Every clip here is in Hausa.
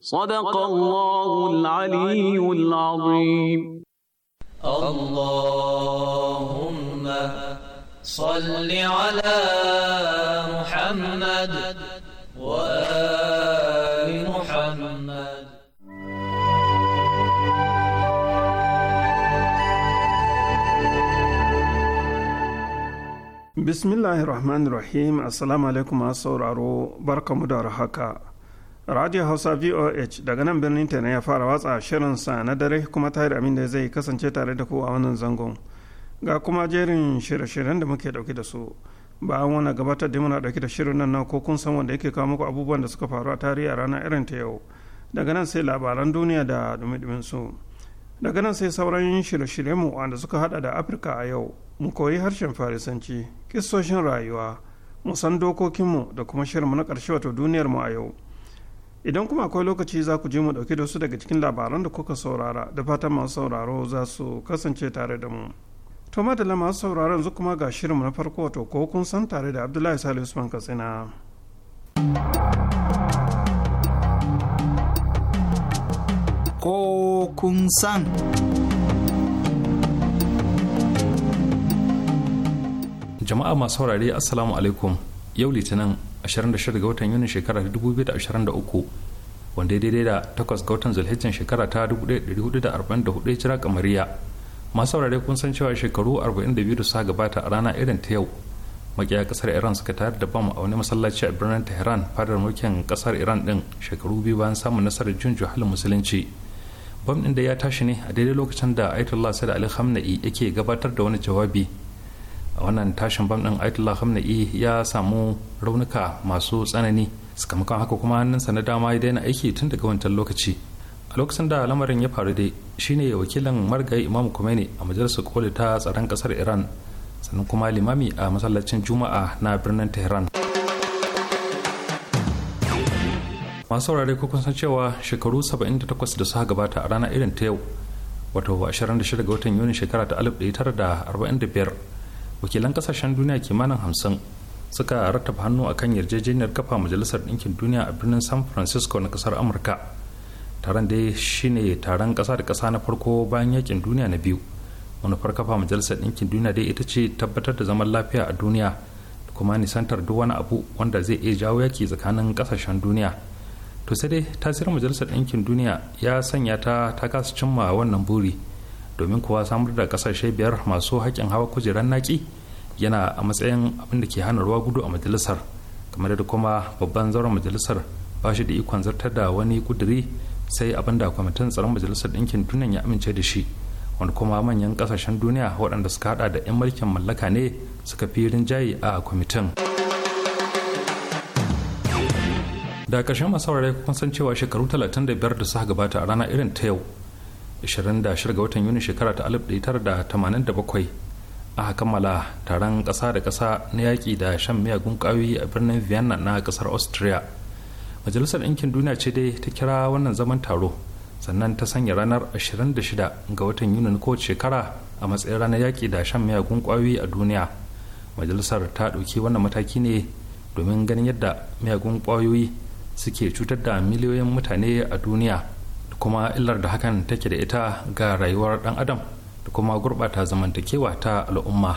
صدق الله العلي العظيم اللهم صل على محمد وآل محمد بسم الله الرحمن الرحيم السلام عليكم أصور عرو بركة مدارحكا radio hausa voh daga nan birnin ta ya fara watsa shirinsa na dare kuma tahir amin da zai kasance tare da ku a wannan zangon ga kuma jerin shirye-shiryen da muke dauke da su bayan wani gabatar da muna dauke da shirin nan na ko kun san wanda yake kawo muku abubuwan da suka faru a tarihi a ranar irin ta yau daga nan sai labaran duniya da dumi su daga nan sai sauran shirye-shiryen mu wanda suka hada da afirka a yau mu koyi harshen farisanci kissoshin rayuwa mu san dokokinmu da kuma shirinmu na ƙarshe wato duniyarmu a yau idan kuma akwai lokaci za ku je mu dauke da su daga cikin labaran da kuka saurara da fatan masu sauraro za su kasance tare da mu to madalla masu sauraro yanzu kuma ga shirinmu na farko wato ko kun san tare da abdullahi salisu usman katsina ko kun san jama'a masu saurari assalamu alaikum yau litinin 26 ga watan yuni shekara 2023 wanda ya daidai da 8 ga watan zulhijjan shekara ta 1444 jira kamariya masu saurare kun san cewa shekaru 42 da sa gabata a rana irin ta yau makiya kasar iran suka tayar da bam a wani masallaci a birnin tehran fadar mulkin kasar iran din shekaru biyu bayan samun nasarar jin juhalin musulunci bam din da ya tashi ne a daidai lokacin da ayatollah sa'ad ali khamenei yake gabatar da wani jawabi a wannan tashin bam din Ayatollah Khamenei ya samu raunuka masu tsanani sakamakon haka kuma hannunsa na dama ya daina aiki tun daga wancan lokaci a lokacin da lamarin ya faru dai shine wakilin margayi Imam Khomeini a majalisar koli ta tsaron kasar Iran sannan kuma limami a masallacin Juma'a na birnin Tehran masu saurare ko kun san cewa shekaru 78 da suka gabata a rana irin ta yau wato 26 ga watan yuni shekara ta 1945 wakilan kasashen duniya kimanin hamsin suka rattaba hannu a kan yarjejeniyar kafa majalisar ɗinkin duniya a birnin san francisco na kasar amurka taron dai shine taron ƙasa da ƙasa na farko bayan yakin duniya na biyu manufar kafa majalisar ɗinkin duniya dai ita ce tabbatar da zaman lafiya a duniya da kuma nisantar duk wani abu wanda zai iya jawo yaki tsakanin ƙasashen duniya to sai dai tasirin majalisar ɗinkin duniya ya sanya ta ta kasa cimma wannan buri domin kuwa samar da kasashe biyar masu haƙƙin hawa kujerar naki yana a matsayin abin da ke hana ruwa gudu a majalisar kamar da kuma babban zauren majalisar ba shi da ikon zartar da wani kuduri sai abin da kwamitin tsaron majalisar ɗinkin duniya ya amince da shi wanda kuma manyan kasashen duniya waɗanda suka haɗa da 'yan mulkin mallaka ne suka fi rinjaye a kwamitin da ƙarshen masu kun san cewa shekaru 35 da suka gabata a rana irin ta yau 26 ga watan yuni shekara ta 1987 aka kammala taron ƙasa da kasa na yaƙi da shan miyagun ƙwayoyi a birnin vienna na ƙasar austria majalisar ɗinkin duniya ce dai ta kira wannan zaman taro sannan ta sanya ranar 26 ga watan yuni kowace shekara a matsayin ranar yaƙi da shan miyagun ƙwayoyi a duniya majalisar ta ɗauki wannan mataki ne domin ganin yadda miyagun ƙwayoyi suke cutar da miliyoyin mutane a duniya kuma illar da hakan take da ita ga rayuwar dan adam da kuma gurɓata zamantakewa ta al'umma.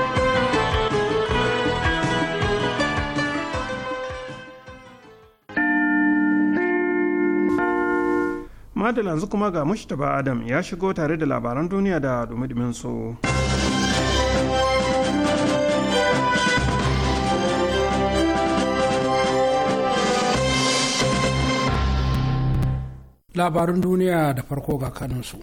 madal yanzu kuma ga mushtaba adam ya shigo tare da labaran duniya da dumi su. labarin duniya da farko ga kanunsu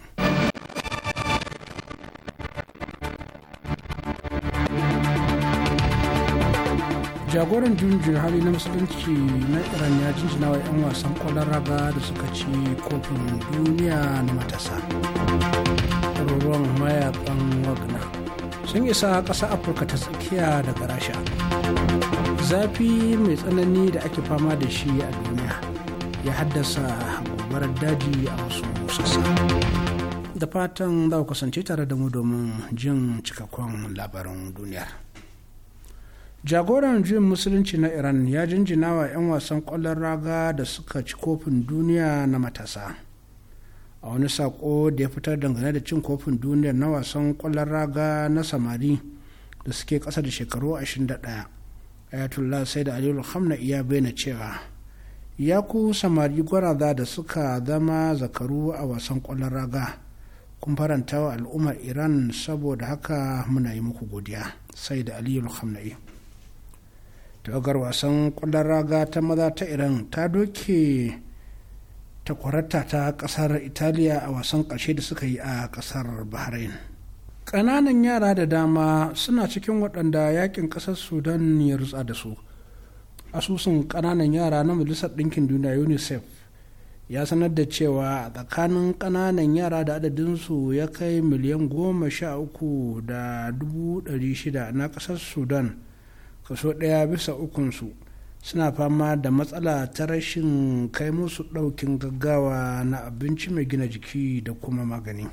jagoran junjin hali na musulunci na iran ya jinjina wa 'yan wasan kwallon raga da suka ci kofin duniya na matasa ruwan mayakan wagna sun isa ƙasa afirka ta tsakiya daga rasha zafi mai tsanani da ake fama da shi a duniya ya haddasa gobarar daji a wasu sassa da fatan za ku kasance tare da mu domin jin cikakkun labaran duniyar. jagoran juyin musulunci na iran ya jinjina wa 'yan wasan kwallon raga da suka ci kofin duniya na matasa a wani sako da ya fitar dangane da cin kofin duniya na wasan kwallon raga na samari da suke kasa da shekaru 21 ayatollah sai da aliyu hamna iya bayyana cewa ya ku samari gwaraza da suka zama zakaru a wasan kwallon raga kun faranta wa al'ummar iran saboda haka muna yi muku godiya sai da aliyu iya. tawagar wasan kwallon raga ta maza ta iran ta doke takwarata ta kasar italiya a wasan ƙarshe da suka yi a kasar bahrain ƙananan yara da dama suna cikin waɗanda yakin ƙasar sudan ya rutsa da su asusun ƙananan yara na majalisar ɗinkin duniya unicef ya sanar da cewa a tsakanin ƙananan yara da adadinsu ya kai miliyan goma sha uku da dubu ɗari shida na ƙasar sudan kaso ɗaya bisa ukunsu suna fama da matsala ta rashin kai musu ɗaukin gaggawa na abinci mai gina jiki da kuma magani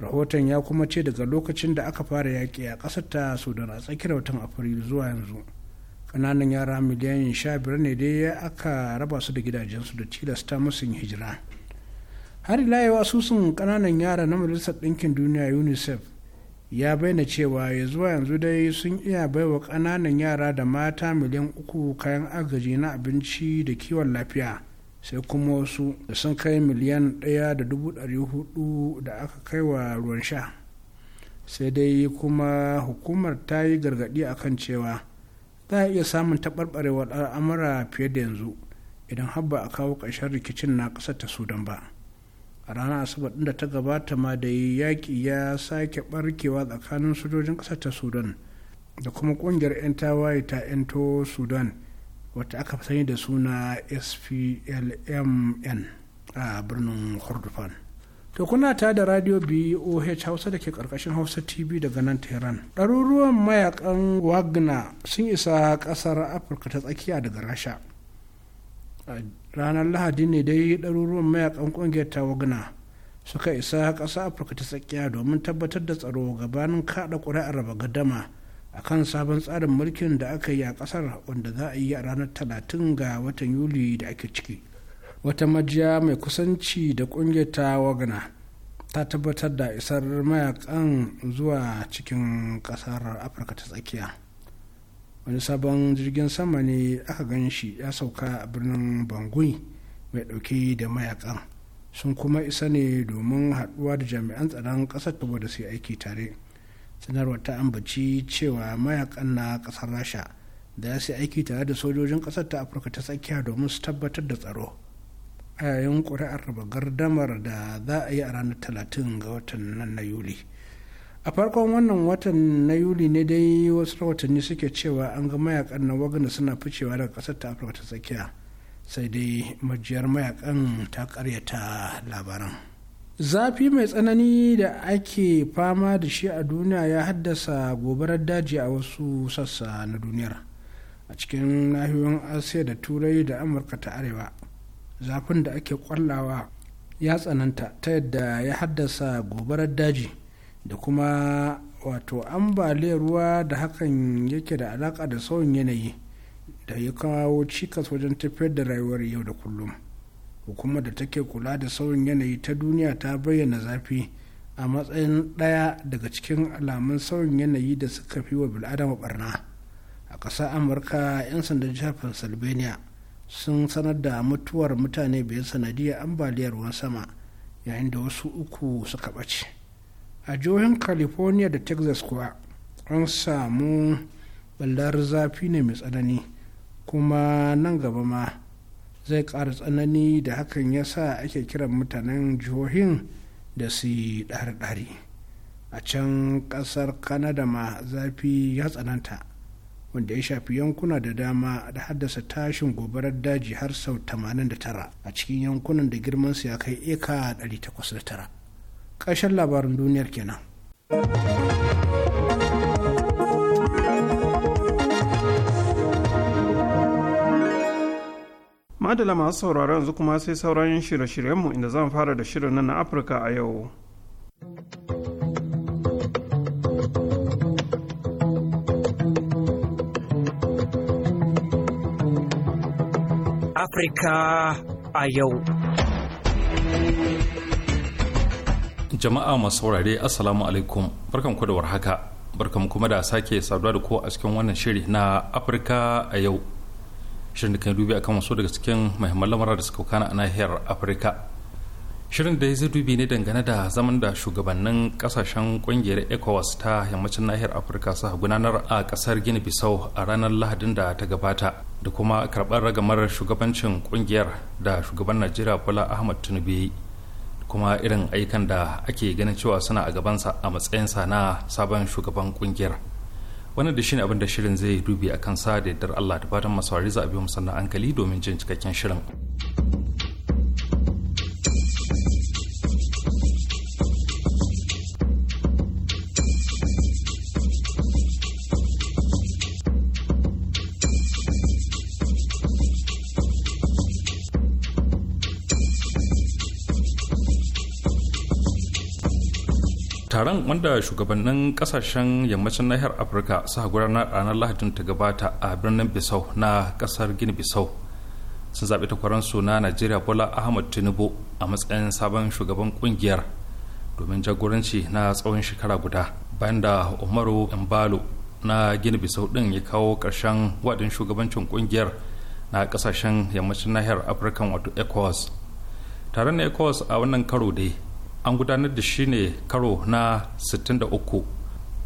rahoton ya kuma ce daga lokacin da aka fara yaƙi a ƙasar ta sudan a tsakiyar watan afrilu zuwa yanzu ƙananan yara miliyan sha biyar ne dai aka raba su da gidajensu da tilasta musu hijira har ila yau asusun ƙananan yara na majalisar ɗinkin duniya unicef ya bayyana cewa ya zuwa yanzu dai sun iya baiwa ƙananan yara da mata miliyan uku kayan agaji na abinci da kiwon lafiya sai kuma wasu da sun kai miliyan ɗaya da dubu ɗari hudu da aka kai wa ruwan sha sai dai kuma hukumar ta yi gargaɗi a kan cewa za a iya samun taɓarɓarewar al'amura fiye da yanzu idan habba a kawo ƙarshen rikicin na ƙasar ta sudan ba. a ranar asabar da ta gabata ma da yaƙi ya sake barkewa tsakanin sojojin ƙasar ta sudan da kuma ƙungiyar 'yan tawaye ta 'yanto sudan wata aka sani da suna splmn a birnin kordofan to kuna ta da radio boh hausa da ke karkashin hausa tv daga nan tehran ɗaruruwan mayakan wagner sun isa ƙasar afirka ta tsakiya daga rasha ranar lahadi ne dai ɗaruruwan mayakan ƙungiyar ta wagna suka isa ƙasa afirka ta tsakiya domin tabbatar da tsaro gabanin kaɗa ƙuri'ar raba gadama a kan sabon tsarin mulkin da aka yi a ƙasar wanda za a yi a ranar talatin ga watan yuli da ake ciki wata majiya mai kusanci da ƙungiyar ta wagna ta tabbatar da isar mayakan zuwa cikin ƙasar afirka ta tsakiya wani sabon jirgin sama ne aka gan shi ya sauka a birnin bangui mai dauke da mayakan sun kuma isa ne domin haduwa da jami'an tsaron kasar saboda su aiki tare sanarwar ta ambaci cewa mayakan na kasar rasha da su aiki tare da sojojin kasar ta afirka ta tsakiya domin su tabbatar da tsaro a yayin ƙuri'ar raba gardamar da za a yi a ranar 30 ga watan nan na yuli a farkon wannan watan na yuli ne dai wasu rahotanni suke cewa an ga mayakan na wagana suna ficewa daga kasar ta afirka ta tsakiya sai dai majiyar mayakan ta karyata labaran zafi mai tsanani da ake fama da shi a duniya ya haddasa gobarar daji a wasu sassa na duniyar a cikin nahiyoyin asiya da turai da amurka ta arewa zafin da ake kwallawa ya tsananta ta yadda ya haddasa gobarar daji da kuma wato ambaliyar ruwa da hakan yake da alaƙa da sauyin yanayi da ya kawo cikas wajen tafiyar da rayuwar yau da kullum hukumar da take kula da sauyin yanayi ta duniya ta bayyana zafi a matsayin ɗaya daga cikin alamun sauyin yanayi da suka fi wa bil'adama barna a ƙasar amurka 'yan sandan jihar pennsylvania sun sanar da mutuwar mutane biyar sanadiyar ambaliyar ruwan sama yayin da wasu uku suka ɓace a jihohin california da texas kuwa an samu ballar zafi ne mai tsanani kuma nan gaba ma zai ƙara tsanani da hakan ya sa ake kiran mutanen jihohin da su ɗari-ɗari a can ƙasar kanada ma zafi ya tsananta wanda ya shafi yankuna da dama da haddasa tashin gobarar daji har sau 89 a cikin yankunan da girman su ya kai eka 809 ƙarshen labarin duniyar kenan. madala masu sauraro yanzu kuma sai sauran shirye-shiryenmu inda zan fara da shirin nan na afirka a yau afirka a yau jama'a masu saurare assalamu alaikum barkan ku da warhaka barkan kuma da sake saduwa da ku a cikin wannan shiri na afirka a yau shirin da kan dubi akan wasu daga cikin muhimman lamura da suka kana a nahiyar afirka shirin da zai dubi ne dangane da zaman da shugabannin kasashen kungiyar ecowas ta yammacin nahiyar afirka su gudanar a kasar gini bisau a ranar lahadin da ta gabata da kuma karɓar ragamar shugabancin kungiyar da shugaban najeriya bola ahmad tinubu kuma irin aikan da ake ganin cewa suna a gabansa a matsayinsa na sabon shugaban kungiyar wannan da shine abin da shirin zai dubi a kansa da yardar Allah da fatan masu za a biyu musamman hankali domin jin cikakken shirin. taron wanda shugabannin kasashen yammacin nahiyar afirka suka gudanar ranar lahadin ta gabata a birnin bisau na kasar gini bisau sun zaɓi takwaransu na najeriya bola ahmad tinubu a matsayin sabon shugaban kungiyar domin jagoranci na tsawon shekara guda bayan da umaru imbalo na gini bisau ɗin ya kawo ƙarshen wadin shugabancin kungiyar na kasashen yammacin nahiyar afirka wato ecowas taron na ecowas a wannan karo dai an gudanar da shi ne karo na 63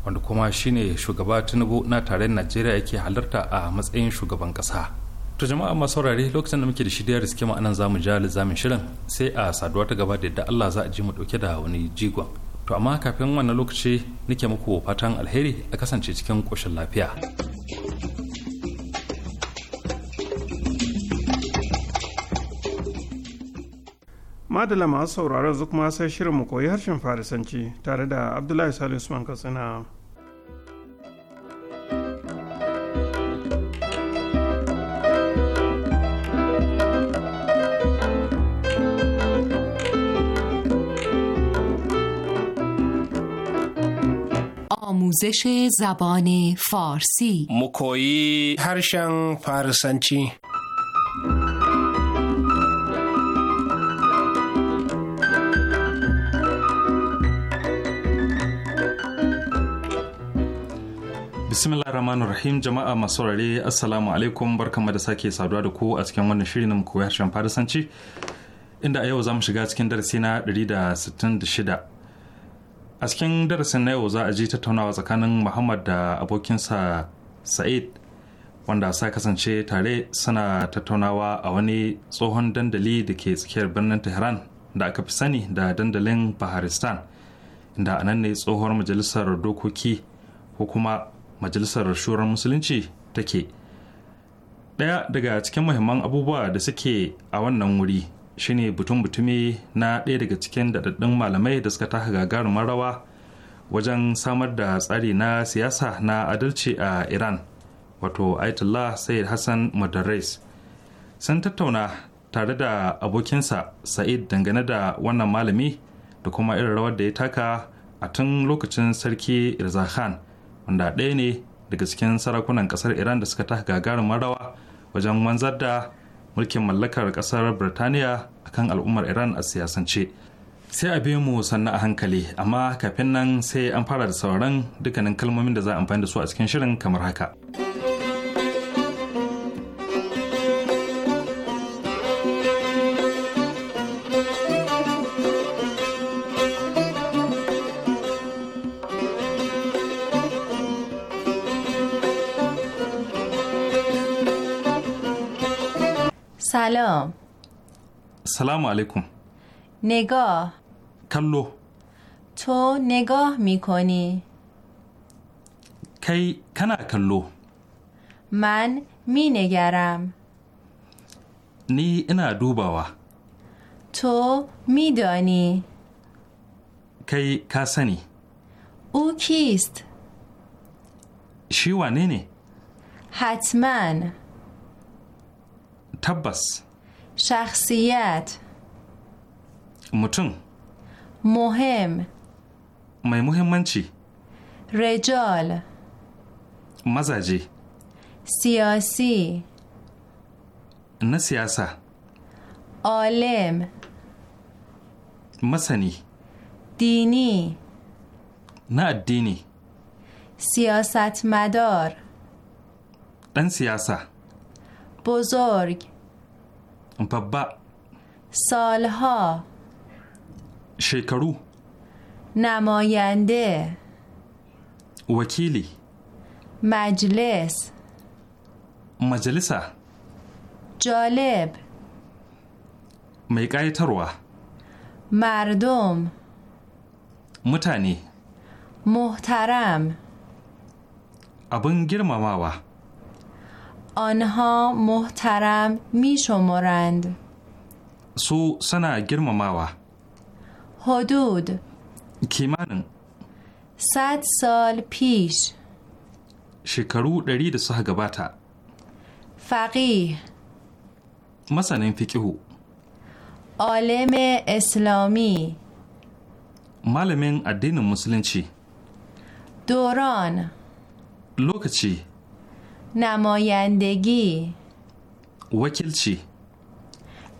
wanda kuma shi ne shugaba tinubu na tarayyar najeriya yake halarta a matsayin shugaban kasa to jama'a masu saurare lokacin da muke da shi da riske mu anan zamu ja lizamin shirin sai a saduwa ta gaba da yadda Allah za a ji mu dauke da wani jigon to amma kafin wannan lokaci nake muku fatan alheri a kasance cikin koshin lafiya madala masu sauraron zuk ma sai shirin mu koyi harshen farisanci tare da abdullahi salih usman katsina آموزش زبان فارسی مکویی هرشن فارسنچی Bismillah Rahman Rahim jama'a masu saurare Assalamu alaikum barkanmu da sake saduwa da ku a cikin wannan shirin na koyi harshen Farisanci inda a yau za mu shiga cikin darasi na 166. A cikin darasin na yau za a ji tattaunawa tsakanin Muhammad da abokinsa Sa'id wanda sa kasance tare suna tattaunawa a wani tsohon dandali da ke tsakiyar birnin Tehran da aka fi sani da dandalin Baharistan inda a nan ne tsohuwar majalisar dokoki ko kuma majalisar shuran musulunci take ɗaya daga cikin muhimman abubuwa da suke a wannan wuri shine butun-butumi na ɗaya daga cikin daɗaɗɗun malamai da suka taka gagarumin rawa wajen samar da tsari na siyasa na adalci a iran wato ayatollah sayyid hassan madarais sun tattauna tare da abokinsa sa'id dangane da wannan malami da kuma irin rawar da ya taka a tun lokacin sarki irzakhan. khan wanda ɗaya ne daga cikin sarakunan ƙasar iran da suka taka gagarumin rawa wajen wanzar da mulkin mallakar ƙasar birtaniya akan al'ummar iran a siyasance sai a bi mu sannu a hankali amma kafin nan sai an fara da sauran dukkanin kalmomin da za a amfani da su a cikin shirin kamar haka. سلام علیکم نگاه کلو تو نگاه میکنی کی کنا کلو من مینگرم نی اینا دوباوا تو میدانی کی کسنی او کیست شیوانه نه حتما تبس شخصیت متون مهم مای مهم من چی؟ رجال مزاجی سیاسی نه سیاسا عالم مسنی دینی نه دینی سیاست مدار دن سیاسا بزرگ ببا سالها شکرو نماینده وکیلی مجلس مجلسه جالب mai ƙayatarwa mardom mutane muhtaram abin girmamawa آنها محترم می شمارند سو سنا گرمماوا حدود کیمان صد سال پیش شکرو دری ده گباتا فقیه مثلا فقیه عالم اسلامی معلمین الدین مسلمچی دوران لوکچی نمایندگی وکیلچی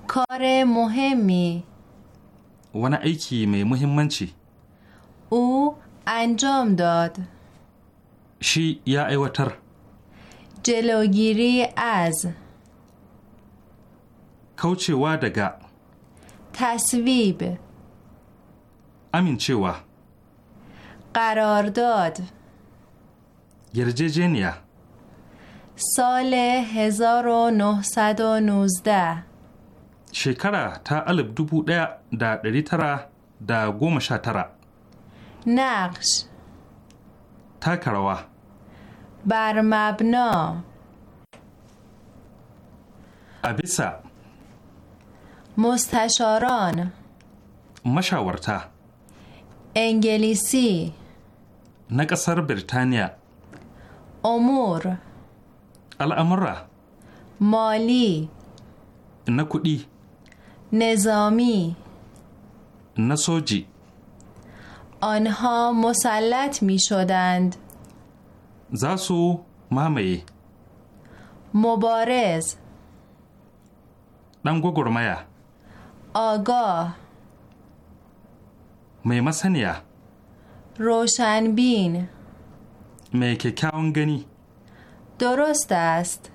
کار مهمی wani aiki mai muhimmanci. او انجام داد. شی یا ایوتر. جلوگیری از کوچه دگا تصویب امین چه قرارداد. یرجه جنیا سال 1919 شکره تا الف دوبو ده دا دری تره دا گوم نقش تا کروا بر مبنا ابیسا مستشاران مشاورتا انگلیسی نقصر بریتانیا امور الامره مالی نکودی نظامی نسوجی آنها مسلط می شدند زاسو مهمه مبارز دنگو گرمه آگاه می مسنیه روشنبین می که گنی درست است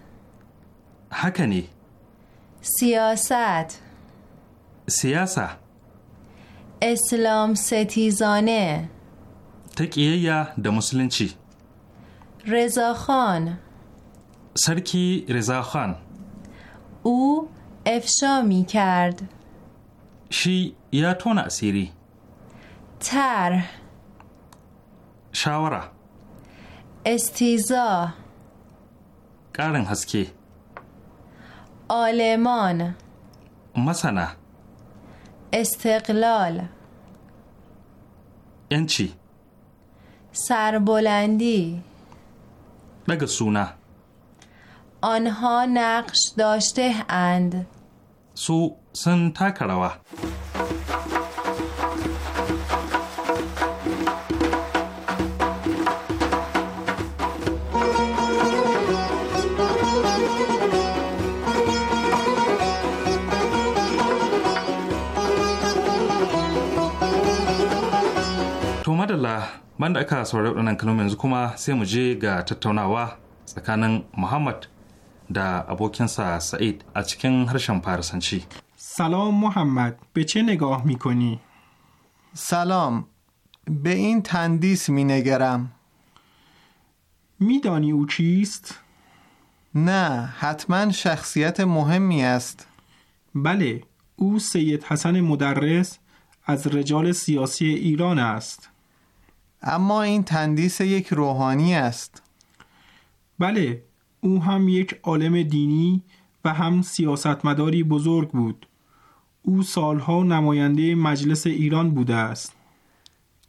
حکنی سیاست سیاسه اسلام ستیزانه تکیه یا چی؟ رزا رضاخان سرکی خان او افشا می کرد شی یا تون اسیری تر شاوره استیزا کارن هسکی آلمان مثلا استقلال انچی سربلندی بگه سونا آنها نقش داشته اند سو سن madalla man da aka saurari waɗannan kalmomi yanzu kuma sai mu je ga tattaunawa tsakanin muhammad da abokinsa sa'id a cikin harshen farisanci salam محمد be چه نگاه mikoni salam be به این تندیس می نگرم میدانی او چیست؟ نه حتما شخصیت مهمی است بله او سید حسن مدرس از رجال سیاسی ایران است اما این تندیس یک روحانی است بله او هم یک عالم دینی و هم سیاستمداری بزرگ بود او سالها نماینده مجلس ایران بوده است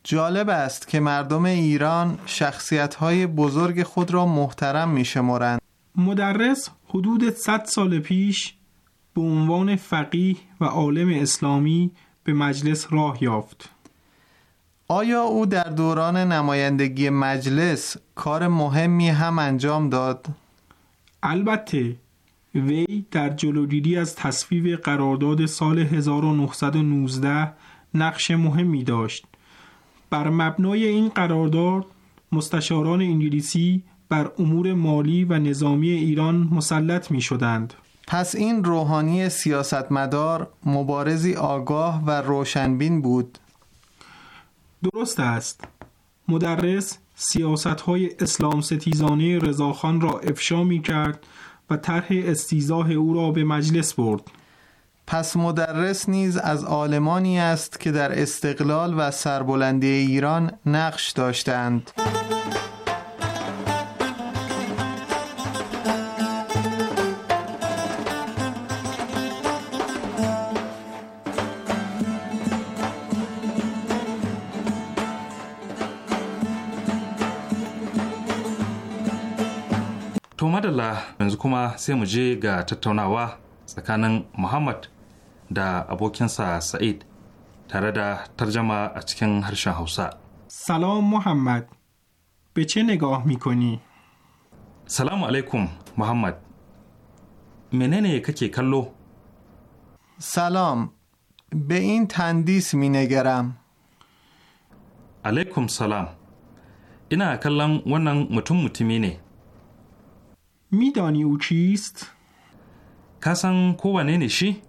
جالب است که مردم ایران شخصیت‌های بزرگ خود را محترم می‌شمارند. مدرس حدود 100 سال پیش به عنوان فقیه و عالم اسلامی به مجلس راه یافت. آیا او در دوران نمایندگی مجلس کار مهمی هم انجام داد؟ البته وی در جلوگیری از تصویب قرارداد سال 1919 نقش مهمی داشت بر مبنای این قرارداد مستشاران انگلیسی بر امور مالی و نظامی ایران مسلط می شدند. پس این روحانی سیاستمدار مبارزی آگاه و روشنبین بود درست است مدرس سیاست های اسلام ستیزانه رضاخان را افشا می کرد و طرح استیزاه او را به مجلس برد پس مدرس نیز از آلمانی است که در استقلال و سربلندی ایران نقش داشتند. To madalla yanzu kuma sai mu je ga tattaunawa tsakanin Muhammad da abokinsa Sa'id tare da tarjama a cikin harshen Hausa. Salam Muhammad, bece ne ga mikoni. Salamu alaikum Muhammad, menene kake kallo? Salam, be in tandis mi garam. Alaikum salam, ina kallon wannan mutum mutumi ne. میدانی او چیست؟ کسان کوه نشی؟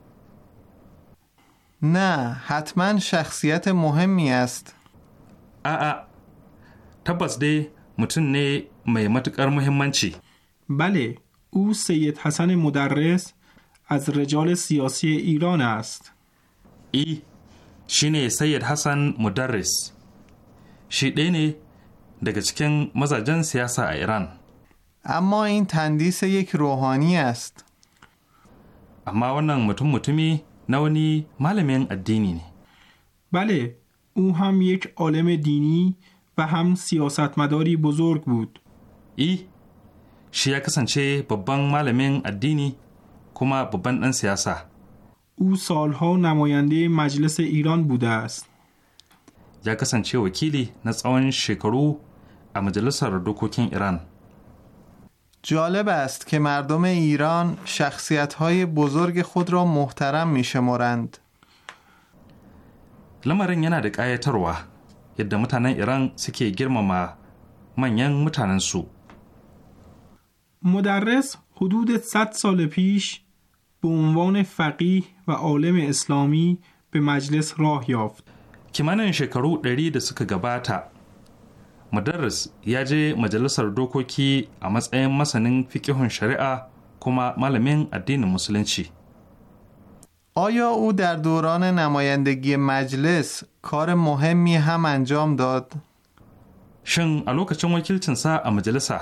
نه حتما شخصیت مهمی است ا تبس ده متون نه می متقر چی؟ بله او سید حسن مدرس از رجال سیاسی ایران است ای شینه سید حسن مدرس شی نه دگچکن مزاجن سیاسه ایران. اما این تندیس یک روحانی است اما ونن متوم متومی نونی معلمین ادینی نه بله او هم یک عالم دینی و هم سیاستمداری بزرگ بود ای شی یا کسانچه ببان معلمین ادینی کما ببان دن سیاسا او سالها نماینده مجلس ایران بوده است یا کسانچه وکیلی نه شکرو امجلس را majalisar ایران. ایران؟ جالب است که مردم ایران شخصیت های بزرگ خود را محترم می شمارند. د yana da ایران سکی گرم ما من ینگ manyan سو مدرس حدود 100 سال پیش به عنوان فقیه و عالم اسلامی به مجلس راه یافت. که من 100 د سک گباتا Mudarris ya je majalisar dokoki a matsayin masanin fikihun shari'a kuma malamin addinin musulunci. آیا او در دوران نمایندگی مجلس کار مهمی هم انجام داد؟ شن الو چون وکیل چنسا مجلسه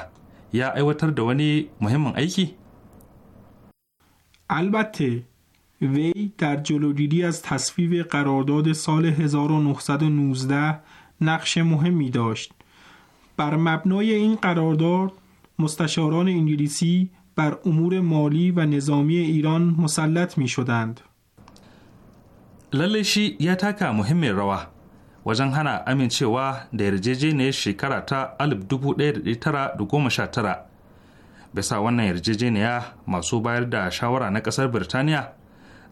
یا ایوتر دوانی مهمن ایکی؟ البته وی در جلوگیری از تصویب قرارداد سال 1919 نقش مهمی داشت بر مبنای این قرارداد مستشاران انگلیسی بر امور مالی و نظامی ایران مسلط می شدند. لالشی یا تاکا مهم روا و جنگانا امین چه در ججی نیشی کرا تا علب دوبو دیر دیترا دو گومشا بسا وانا نیا ماسو بایر دا شاورا نکسر برطانیا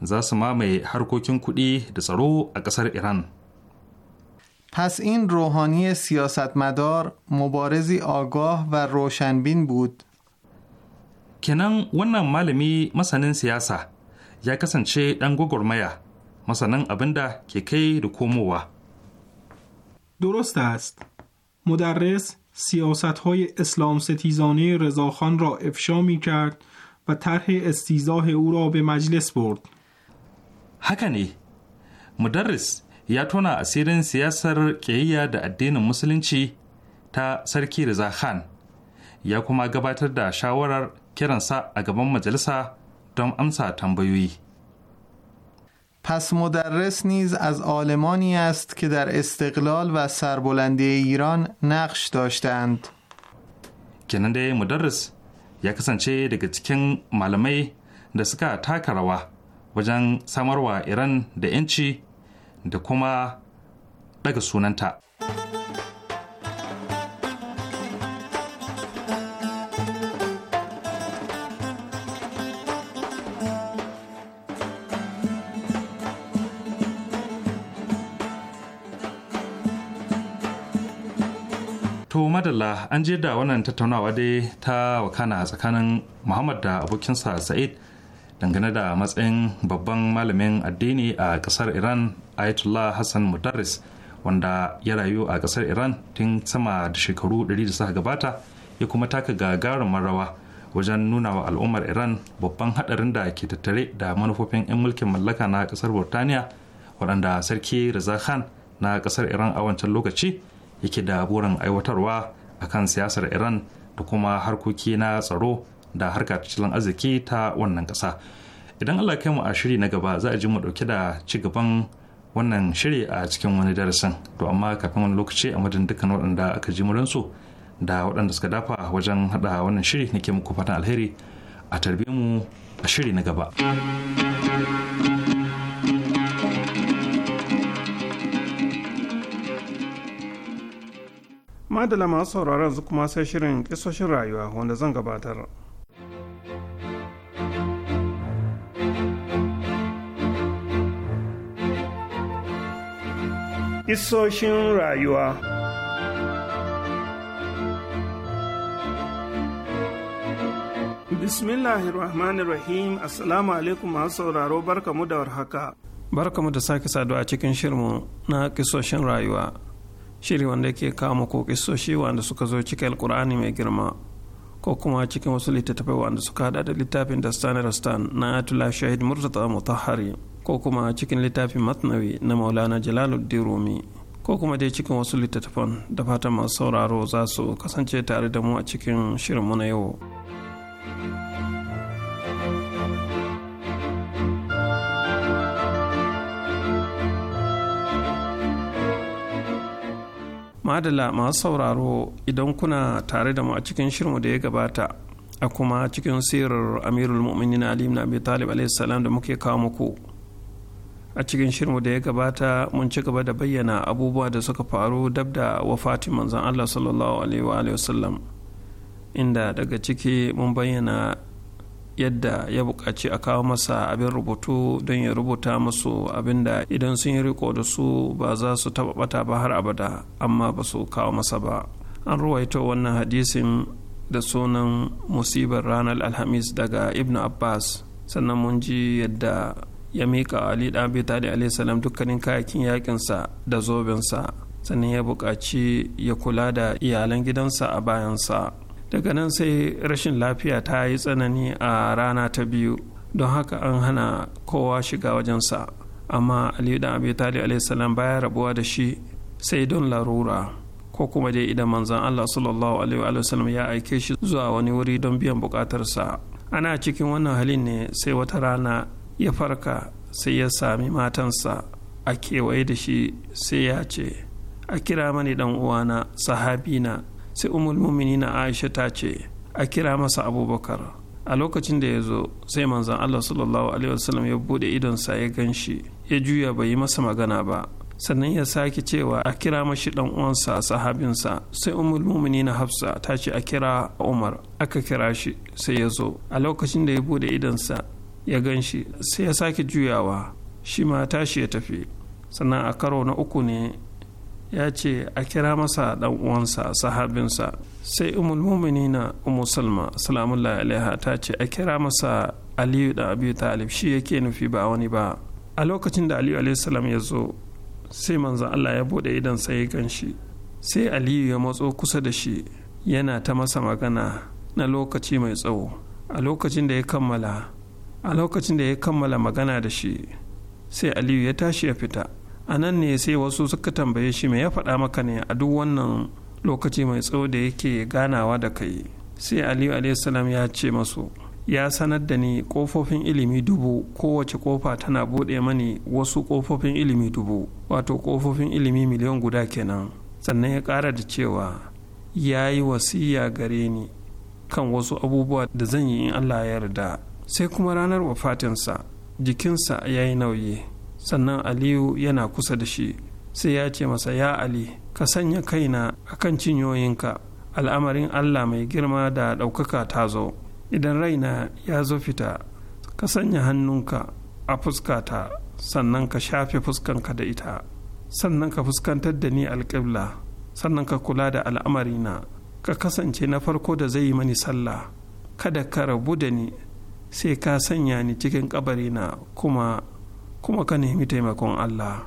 زاس ما می حرکو کنکو اکسر ایران پس این روحانی سیاستمدار مبارزی آگاه و روشنبین بود کنان wannan malami مسانن siyasa یا kasance ɗan gwagwarmaya masanin abin ابنده ke kai da درست است. مدرس سیاست های اسلام ستیزانه رضاخان را افشا می کرد و طرح استیزاه او را به مجلس برد. حکنی مدرس ya tona asirin siyasar ƙiyayya da addinin musulunci ta sarki Riza Khan ya kuma gabatar da shawarar kiransa a gaban majalisa don amsa tambayoyi. پس مدرس نیز از آلمانی است که در استقلال و سربلندی ایران نقش داشتند. کننده مدرس ya kasance daga cikin malamai da suka taka rawa wajen samarwa Iran da 'yanci da kuma daga sunanta. To madalla an je da wannan tattaunawa dai ta wakana tsakanin Muhammad da abokinsa Sa'id dangane da matsayin babban malamin addini a kasar iran ayatollah hassan mudarris wanda ya rayu a kasar iran tun sama da shekaru 100 da suka gabata ya kuma taka gagarin marawa wajen nuna wa al'ummar iran babban hadarin da ke tattare da manufofin 'yan mulkin mallaka na kasar burtaniya waɗanda sarki reza khan na kasar iran a wancan lokaci yake da burin aiwatarwa akan siyasar iran da kuma harkoki na tsaro da harka tattalin arziki ta wannan kasa idan allah kai mu a shiri na gaba za a ji mu ɗauke da ci gaban wannan shiri a cikin wani darasin to amma kafin wani lokaci a madadin dukkan waɗanda aka ji muransu da waɗanda suka dafa wajen haɗa wannan shiri nake muku fatan alheri a tarbe mu a shiri na gaba. madala masu sauraron su kuma sai shirin kisoshin rayuwa wanda zan gabatar. Isoshin rayuwa. Bismillahirrahmanirrahim Assalamu alaikum masu sauraro barkamu da warhaka. Barkamu da sake saduwa a cikin shirmu na kisoshin rayuwa. Shiri wanda ke kama ko kisoshi wanda suka zo cikin alkur'ani mai girma ko kuma cikin wasu littattafai wanda suka hada da littafin da stan na Atula Shahid Murtaza Mutahari. ko kuma cikin littafin matnawi na maulana jalaluddin rumi ko kuma dai cikin wasu littattafan da fatan masu sauraro za su kasance tare da mu a cikin shirinmu na yau. madala masu sauraro idan kuna tare da mu a cikin shirinmu da ya gabata a kuma cikin sirar amirul mu'minin ali ibn abi talib alaihi da muke kawo muku a cikin shirmu da ya gabata mun ci gaba da bayyana abubuwa da suka faru dab da wafati manzon Allah sallallahu alaihi wasallam inda daga ciki mun bayyana yadda ya buƙaci a kawo masa abin rubutu don ya rubuta musu abin da idan sun yi riko da su ba za su taɓa ɓata ba har abada amma ba su kawo masa ba an ruwaito wannan hadisin da sunan musibar ranar alhamis daga ibn abbas sannan mun ji yadda ya miƙa ali ɗan abi talib salam dukkanin kayakin yakinsa da zobinsa sannan ya buƙaci ya kula da iyalan gidansa a bayansa daga nan sai rashin lafiya ta yi tsanani a rana ta biyu don haka an hana kowa shiga wajensa amma ali ɗan abi talib salam baya rabuwa da shi sai don larura ko kuma dai idan manzon allah sallallahu alaihi wasallam ya aike shi zuwa wani wuri don biyan buƙatarsa ana cikin wannan halin ne sai wata rana ya farka sai ya sami matansa a kewaye da shi sai ya ce a kira mani dan uwana sahabina sai umul na aisha ta ce a kira masa abubakar a lokacin da ya zo sai manzan allah sallallahu alaihi wasallam ya bude idonsa ya gan shi ya juya bai yi masa magana ba sannan ya sake cewa a kira mashi dan uwansa sahabinsa sai umul na hafsa ta ce a kira umar aka kira shi sai ya zo a lokacin da ya bude idonsa ya gan shi sai ya sake juyawa shi ma tashi ya tafi sannan a karo na uku ne ya ce a kira masa dan uwansa sahabinsa sai umul muminina umu salma salamullahi alaiha ta ce a kira masa aliyu da abi talib shi yake nufi ba wani ba a lokacin da aliyu alaihi ya zo sai manzan allah ya bude idan sai ya gan shi sai aliyu ya matso kusa da shi yana ta masa magana na lokaci mai tsawo a lokacin da ya kammala a lokacin da ya kammala magana da shi sai aliyu ya tashi ya fita a nan ne sai wasu suka tambaye shi mai ya faɗa maka ne a duk wannan lokaci mai tsawo da yake ganawa da kai sai aliyu salam ya ce masu ya sanar da ni kofofin ilimi dubu kowace kofa tana buɗe mani wasu kofofin ilimi dubu wato kofofin ilimi miliyan guda kenan sannan ya ƙara da cewa ya yi wasiya gare ni kan wasu abubuwa da zan yi in allah ya yarda sai kuma ranar wafatinsa jikinsa ya yi nauyi sannan aliyu yana kusa da shi sai ya ce masa ya ali ka sanya kaina a kan cinyoyinka al'amarin allah mai girma da ɗaukaka ta zo idan raina ya zo fita ka sanya hannunka a fuskata sannan ka shafe fuskanka da ita sannan ka fuskantar da ni alƙibla sannan ka kula da al'amarina ka kasance na farko da zai yi mani sallah kada ka rabu da ni sai ka sanya ni cikin kabarina kuma kuma ka nemi taimakon Allah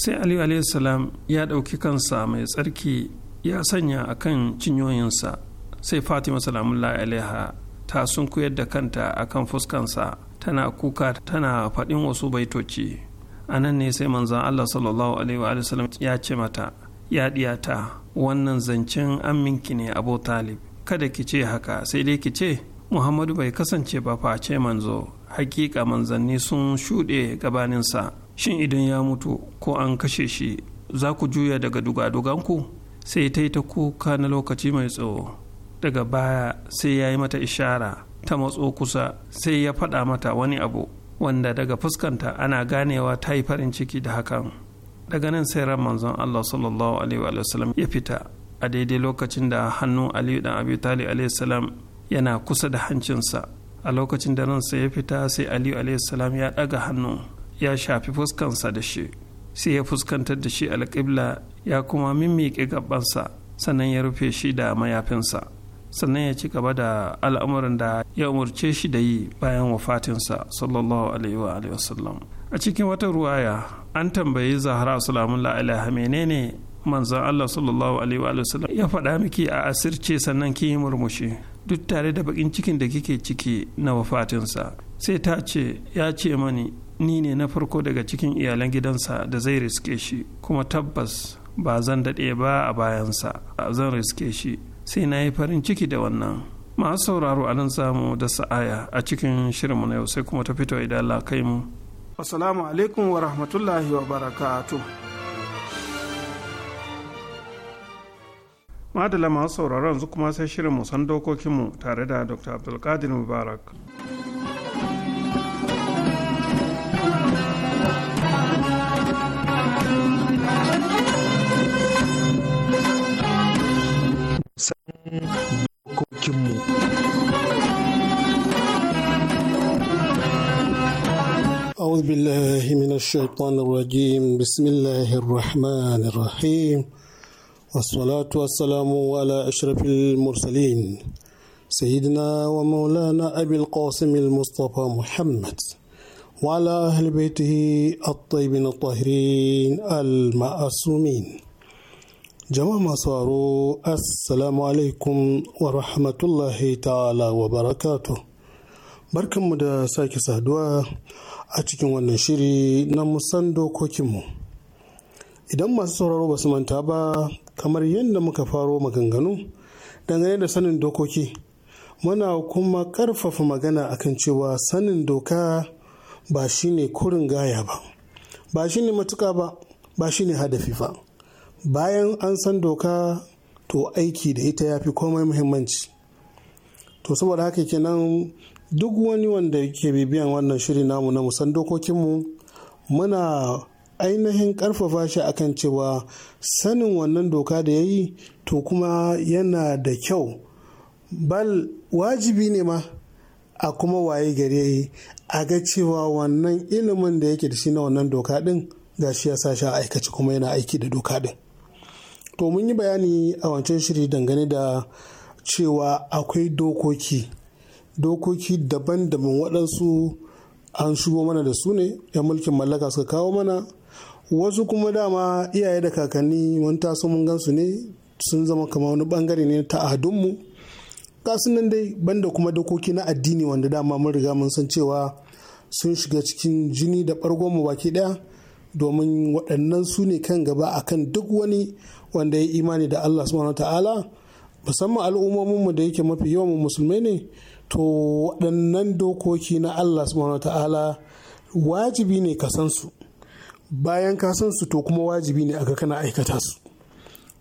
sai ali salam ya ɗauki kansa mai tsarki ya sanya a kan cinyoyinsa sai fatima salamullahi alaiha ta sunkuyar da kanta a kan fuskansa tana kuka tana faɗin wasu baitoci a nan ne sai manzan allah sallallahu alaihi wa sallam ya ce mata ya ɗiyata wannan zancen aminki ne abu talib kada ki ce haka sai dai ki ce muhammadu bai kasance ba face manzo hakika manzanni sun shuɗe gabaninsa shin idan ya mutu ko an kashe shi za ku juya daga dugaduganku sai ta yi ta kuka na lokaci mai tsawo daga baya sai ya yi mata ishara ta matso kusa sai ya faɗa mata wani abu wanda daga fuskanta ana ganewa ta yi farin ciki da hakan daga nan sai ran manzon allah sallallahu alaihi wa sallam ya fita a daidai lokacin da hannun aliyu dan abi talib alaihi salam yana kusa da hancinsa a lokacin da ransa ya fita sai aliyu salam ya ɗaga hannu ya shafi fuskansa da shi sai ya fuskantar da shi alƙibla ya kuma mimmiƙe gabansa sannan ya rufe shi da mayafinsa sannan ya ci gaba da al'amuran da ya umarce shi da yi bayan wafatinsa sallallahu alaihi wa wasallam a cikin wata ruwaya an tambayi zahra salamullah la'ilaha menene manzon Allah sallallahu alaihi wa sallam ya faɗa miki a asirce sannan kin yi murmushi duk tare da bakin cikin da kike ciki na wafatinsa sai ta ce ya ce mani ni ne na farko daga cikin iyalan gidansa da zai riske shi kuma tabbas ba zan daɗe ba a bayansa zan riske shi sai na yi farin ciki da wannan masu sauraro a nan samu da sa'aya a cikin shirinmu na yau sai kuma ta fito idan la kai mu assalamu alaikum wa rahmatullahi wa barakatuh Madalla masu sauraron yanzu kuma sai shirin mu san dokokinmu tare da dr abdulkadir mubarak أعوذ بالله من الشيطان الرجيم بسم الله الرحمن الرحيم والصلاة والسلام Sayidina أشرف المرسلين سيدنا ومولانا أبي القاسم المصطفى محمد وعلى أهل بيته الطيبين الطاهرين المعصومين jama'a masu waro assalamu alaikum wa rahmatullahi ta'ala wa barakatu barkanmu da sake saduwa a cikin wannan shiri na musan dokokinmu idan masu sauraro ba su manta ba kamar yadda muka faro maganganu dangane da sanin dokoki muna kuma karfafa magana akan cewa sanin doka ba shine kurin gaya ba ba shine matuka ba ba shine hadafi ba bayan an san doka to aiki da ita ya fi komai muhimmanci to saboda haka kenan duk wani wanda ke bibiyan wannan shiri namu na musan dokokinmu muna ainihin karfafa shi akan cewa sanin wannan doka da ya yi to kuma yana da kyau bal wajibi ne ma a kuma waye gare yi a ga cewa wannan ilimin da yake da shi na wannan doka din ga shi ya sa shi aikaci kuma yana aiki da doka din to mun yi bayani a wancan shiri dangane da cewa akwai dokoki dokoki daban-daban waɗansu an shigo mana da su ne 'yan mulkin mallaka suka kawo mana wasu kuma dama iyaye da kakanni wani taso mun gansu ne sun zama kamar wani bangare ne ta adunmu kasu nan dai banda kuma dokoki na addini wanda dama mun riga mun san cewa sun shiga cikin jini da mu baki daya domin waɗannan su ne kan gaba akan duk wani wanda ya imani da Allah subhanahu ta'ala musamman mu da yake mafi yawan musulmai ne to waɗannan dokoki na Allah subhanahu ta'ala wajibi ne ka san su bayan ka san su to kuma wajibi ne aka kana aikata su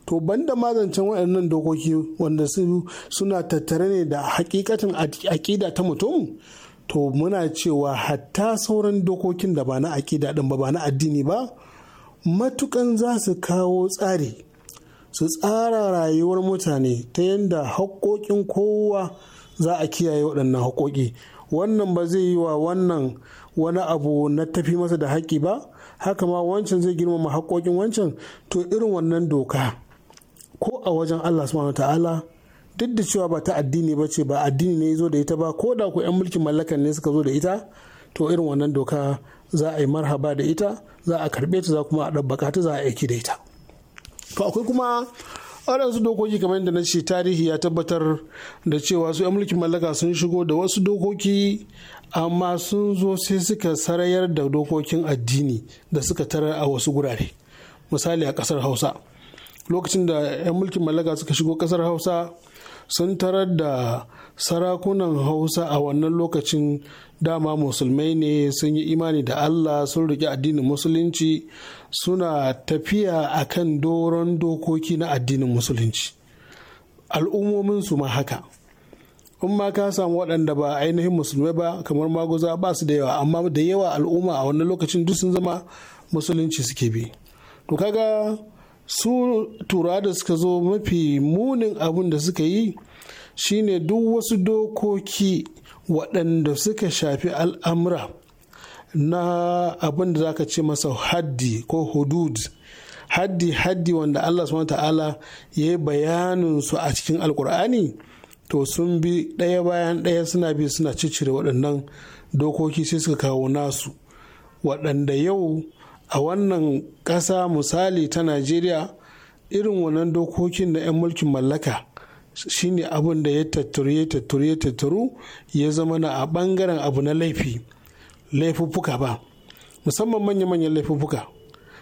to banda mazancen waɗannan dokoki wanda suna tattare ne da hakikatin aƙida ta mutum to muna cewa hatta sauran dokokin da ba na aƙida ɗin ba ba na addini ba matukan za su kawo tsari su tsara rayuwar mutane ta yadda haƙoƙin kowa za a kiyaye waɗannan haƙoƙi wannan ba zai yi wa wannan wani abu na tafi masa da haƙi ba haka ma wancan zai girmama haƙoƙin wancan to irin wannan doka ko a wajen Allah subhanahu ta'ala duk da cewa ba ta addini ba ce ba addini ne zo da ita ba ko da ku 'yan mulkin mallakan ne suka zo da ita to irin wannan doka za a yi marhaba da ita za a karbe ta za kuma a ɗabbaka ta za a aiki da ita to akwai kuma waɗansu dokoki kamar yadda na ce tarihi ya tabbatar da cewa su 'yan mulkin mallaka sun shigo da wasu dokoki amma sun zo sai suka sarayar da dokokin addini da suka tara a wasu gurare misali a kasar hausa lokacin da 'yan mulkin mallaka suka shigo kasar hausa sun tarar da sarakunan hausa a wannan lokacin dama musulmai ne sun yi imani da allah sun riƙe addinin musulunci suna tafiya a kan doron dokoki na addinin musulunci al'ummomin su ma haka in ma ka samu waɗanda ba ainihin musulmai ba kamar maguza ba su da yawa amma da yawa al'umma a wannan lokacin duk sun zama musulunci suke bi to kaga su tura da suka zo mafi munin abin da suka yi shine duk wasu dokoki waɗanda suka shafi al'amura na abin da zaka ce masa haddi ko hudud haddi haddi wanda Allah subhanahu ta'ala ya yi bayanin su a cikin alkur'ani to sun bi ɗaya bayan ɗaya suna bi suna cicire waɗannan dokoki sai suka kawo nasu waɗanda yau a wannan ƙasa misali ta najeriya irin wannan dokokin na 'yan mulkin mallaka shine abin da ya tattaru ya tattaru ya tattaru ya zama na a ɓangaren abu na laifi laifuffuka ba musamman manya-manyan laifuffuka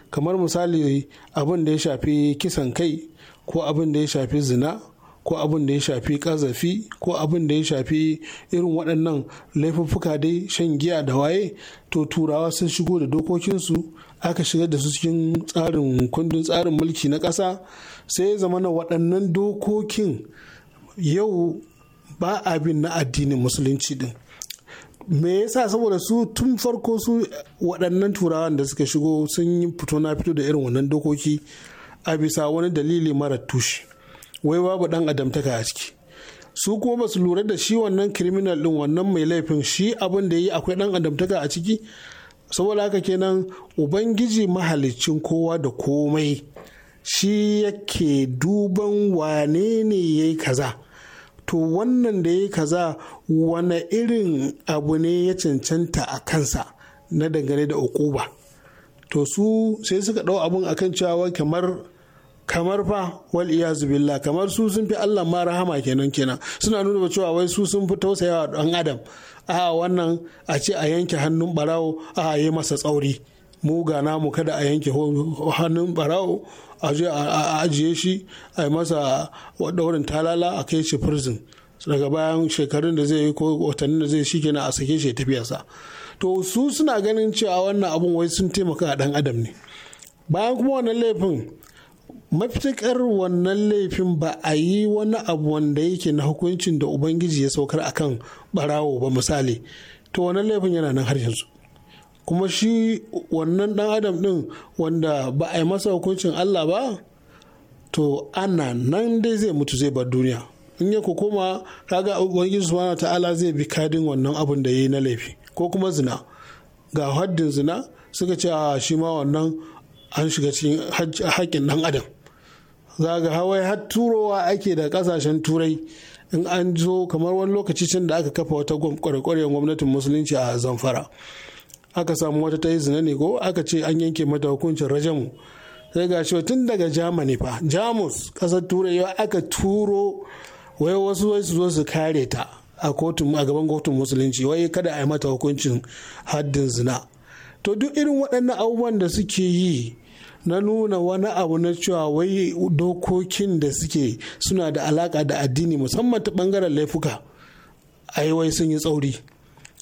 kamar misali abin da ya shafi kisan kai ko abin da ya shafi zina ko abin da ya shafi kazafi ko abin da ya shafi irin waɗannan laifuffuka dai shan giya da waye to turawa sun shigo da dokokinsu aka shigar da su cikin tsarin kundin tsarin mulki na ƙasa sai ya zama na waɗannan dokokin yau ba abin na addinin musulunci din me yasa saboda su tun farko su waɗannan turawan da suka shigo sun yi fito na fito da irin wannan dokoki a bisa wani dalili mara tushe wai babu dan adamtaka a ciki su kuma ba su lura da shi wannan criminal din wannan mai laifin shi abin da yi akwai dan adamtaka a ciki saboda haka kenan ubangiji mahalicin kowa da komai shi yake duban wane ne ya yi kaza to wannan da ya yi kaza wane irin abu ne ya cancanta a kansa na dangane da ukuba to su sai suka ɗau abin akan cewa kamar kamar fa wal iyazu billah kamar su sun fi Allah ma rahama kenan kenan suna nuna cewa wai su sun fi tausayawa dan adam a wannan a ce a yanke hannun barawo a yi masa tsauri mu ga namu kada a yanke hannun barawo a ajiye shi a yi masa daurin talala a kai shi prison daga bayan shekarun da zai yi ko watannin da zai shi kenan a sake shi tafiyarsa to su suna ganin cewa wannan abun wai sun taimaka a dan adam ne bayan kuma wannan laifin mafitakar wannan laifin ba a yi wani abu wanda yake na hukuncin da ubangiji ya saukar a kan barawo ba misali to wannan laifin yana nan har yanzu kuma shi wannan dan adam din wanda ba a yi masa hukuncin allah ba to ana nan dai zai mutu zai bar duniya in ya koma kaga ubangiji subhanahu ta'ala zai bi kadin wannan abun da ya yi na laifi ko kuma zina ga haddin zina suka ce a shi ma wannan an shiga cikin haƙƙin dan adam za ga hawai har turowa ake da kasashen turai in an zo kamar wani lokaci can da aka kafa wata kwarekwaren gwamnatin musulunci a zamfara aka samu wata ta yi zina ne ko aka ce an yanke mata hukuncin rajamu sai ga tun daga jamani fa jamus kasar turai aka turo wai wasu wai su zo su kare ta a kotun a gaban kotun musulunci wai kada a yi mata hukuncin haddin zina to duk irin waɗannan abubuwan da suke yi na nuna wani abu na cewa wai dokokin da suke suna da alaka da addini musamman ta bangaren laifuka wai sun yi tsauri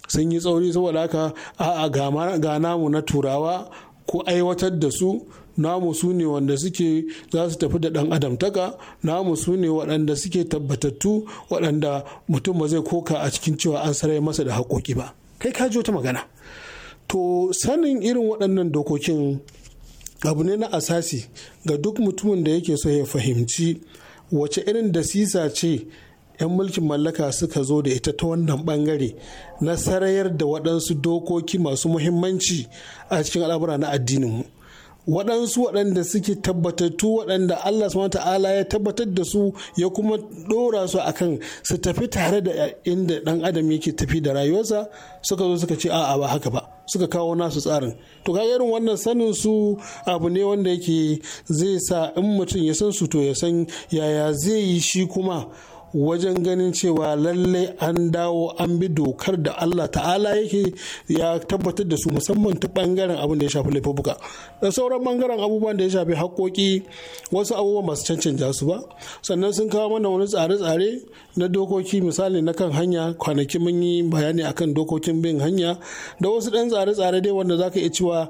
sun yi tsauri saboda haka a'a ga namu na turawa ko aiwatar da su namu su ne wanda suke za su tafi da ɗan adamtaka namu su ne waɗanda suke tabbatattu waɗanda mutum ba zai koka a cikin cewa an sarai masa da haƙoƙi ba kai ka ji wata magana to sanin irin waɗannan dokokin abu ne na asasi ga duk mutumin da yake so ya fahimci wace irin da sisa ce 'yan mulkin mallaka suka zo da ita ta wannan bangare na sarayar da waɗansu dokoki masu muhimmanci a cikin al'amura na addininmu. waɗansu waɗanda suke tabbatattu waɗanda Allah su ta'ala ya tabbatar da su ya kuma ɗora su kan su tafi tare da inda ɗan adam yake tafi da rayuwarsa suka zo suka ce a'a ba haka ba suka kawo nasu tsarin to kaga irin wannan sanin su abu ne wanda yake zai sa in mutum ya san su to ya san yaya zai yi shi kuma wajen ganin cewa lallai an dawo an bi dokar da Allah ta'ala yake ya tabbatar da su musamman ta bangaren abin da ya shafi laifuka da sauran bangaren abubuwan da ya shafi haƙoƙi wasu abubuwan masu cancanta su ba sannan sun kawo mana wani tsare-tsare na dokoki misali na kan hanya kwanaki mun yi bayani akan dokokin bin hanya da wasu ɗan tsare-tsare dai wanda zaka iya cewa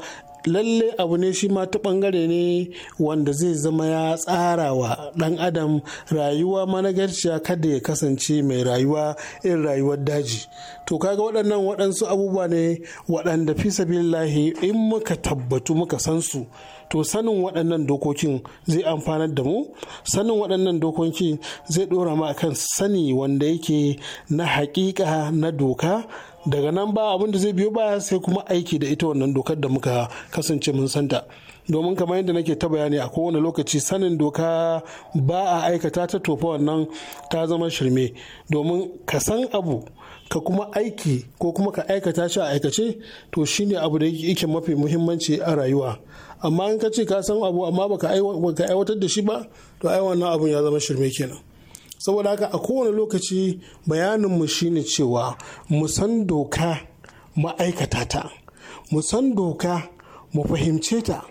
lalle abu ne shi ma ta bangare ne wanda zai zama ya tsara wa dan adam rayuwa managarciya kada ya kasance mai rayuwa irin rayuwar daji to kaga waɗannan waɗansu abubuwa ne waɗanda fi lahi in muka tabbatu muka san su to sanin waɗannan dokokin zai amfanar da mu sanin waɗannan dokokin zai ɗora mu akan sani wanda yake na haƙiƙa na doka daga nan ba abin da zai biyo baya sai kuma aiki da ita wannan dokar da muka kasance mun santa domin kamar yadda nake ta bayani a kowane lokaci sanin doka ba a aikata ta tofa wannan ta zama shirme domin ka san abu ka kuma aiki ko kuma ka aikata shi a aikace to shine abu da yake mafi muhimmanci a rayuwa amma in ka ce ka san abu amma ba ka aiwatar da shi ba to ai wannan abun ya zama shirme kenan saboda haka a kowane lokaci bayaninmu shine cewa musan doka ma'aikata ta mu doka mu fahimce ta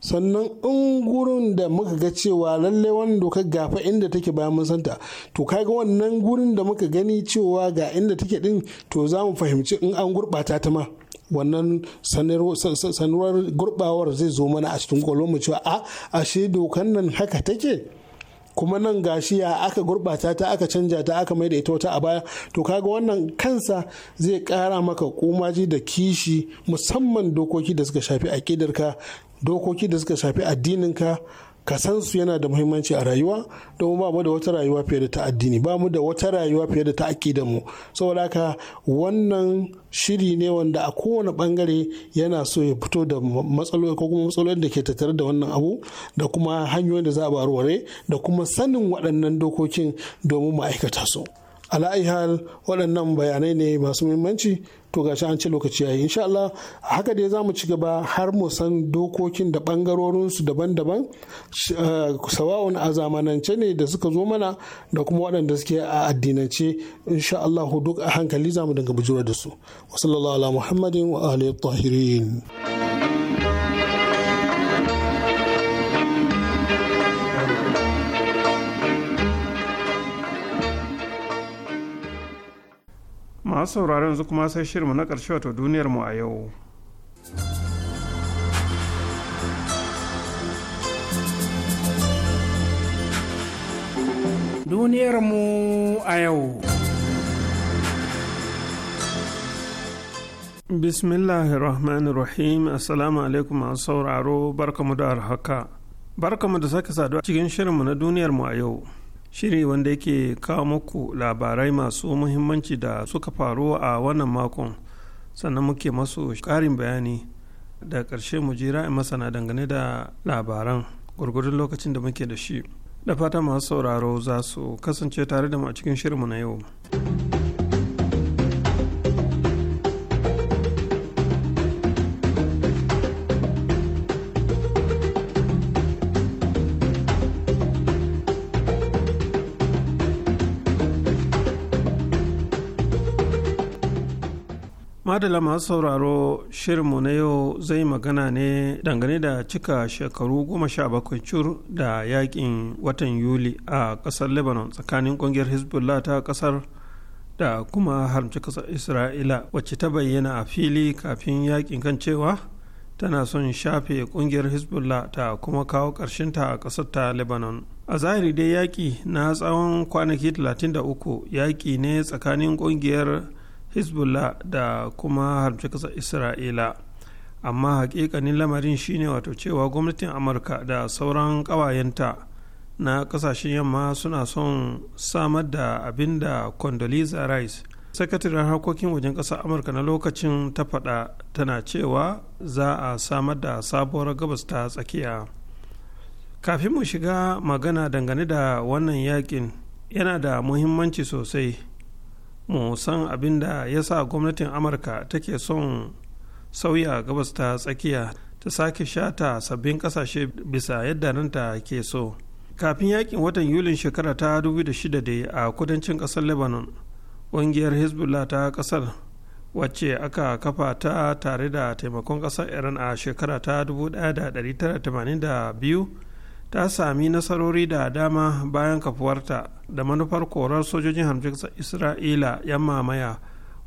sannan in gurin da muka ga cewa lallai wannan dokar gafa inda take bayan mun santa to kaga wannan gurin da muka gani cewa ga inda take din to za mu fahimci in an gurɓata ta ma wannan sanarwar gurbawar zai zo mana a cikin kwalwar mu cewa a ashe dokan nan haka take kuma nan gashi ya aka gurbata ta aka canja ta aka mai da ita wata a baya to kaga wannan kansa zai kara maka kumaji da kishi musamman dokoki da suka shafi aƙidarka dokoki da suka shafi addininka ka su yana da muhimmanci a rayuwa don ba mu da wata rayuwa fiye da ta addini ba mu da wata rayuwa fiye da ta aƙida mu saboda haka wannan shiri ne wanda a kowane bangare yana so ya fito da matsaloli ko kuma matsalolin da ke tattare da wannan abu da kuma hanyoyin da za a ware da kuma sanin waɗannan dokokin domin ma'aikata su ala'ihal waɗannan bayanai ne masu muhimmanci to gashi an ce lokaci yayi insha Allah haka dai zamu ci gaba har mu san dokokin da bangarorin su daban-daban eh, sawa'un a zamanance ne da suka zo mana da kuma waɗanda suke a addinance insha Allah duk a hankali zamu dinga bujura da su wa sallallahu ala muhammadin wa alihi tahirin masu sauraro yanzu kuma sai shirinmu na ƙarshe wato duniyarmu a yau duniyarmu a yau rahim assalamu alaikum masu sauraro barkamu da haka barkamu da saka saduwa cikin shirinmu na duniyarmu a yau shiri wanda yake kawo muku labarai masu muhimmanci da suka faru a wannan makon sannan muke masu ƙarin bayani da ƙarshe mu jira masana dangane da labaran gurgurin lokacin da muke da shi da fata masu sauraro za su kasance tare da mu a cikin shirinmu na yau. madala masu sauraro shirinmu na yau zai magana ne dangane da cika shekaru goma sha bakwai cur da yakin watan yuli a kasar lebanon tsakanin kungiyar hezbollah ta kasar da kuma haramci kasar isra'ila wacce ta bayyana a fili kafin yakin kan cewa tana son shafe kungiyar hezbollah ta kuma kawo ta a ƙasar ta lebanon a zahiri dai yaƙi na tsawon kwanaki 33 yaƙi ne tsakanin ƙungiyar hezbollah da kuma haramci kasar isra'ila amma hakikanin lamarin shine wato cewa gwamnatin amurka da sauran ƙawayenta na kasashen yamma suna son samar da abin da condoleezza rice sakataren harkokin wajen ƙasar amurka na lokacin ta faɗa tana cewa za a samar da sabuwar gabas ta tsakiya kafin mu shiga magana dangane da wannan yakin yana da muhimmanci sosai mu san abin da ya sa gwamnatin amurka take son sauya gabas ta tsakiya ta sake shata sabbin kasashe bisa yadda nan ta ke so kafin yakin watan yulin shekara ta 2006 a kudancin kasar lebanon ƙungiyar hezbollah ta kasar wacce aka kafa ta tare da taimakon kasar iran a shekara ta 1982 ta sami nasarori da dama bayan kafuwarta da manufar korar sojojin hamshin isra'ila 'yan mamaya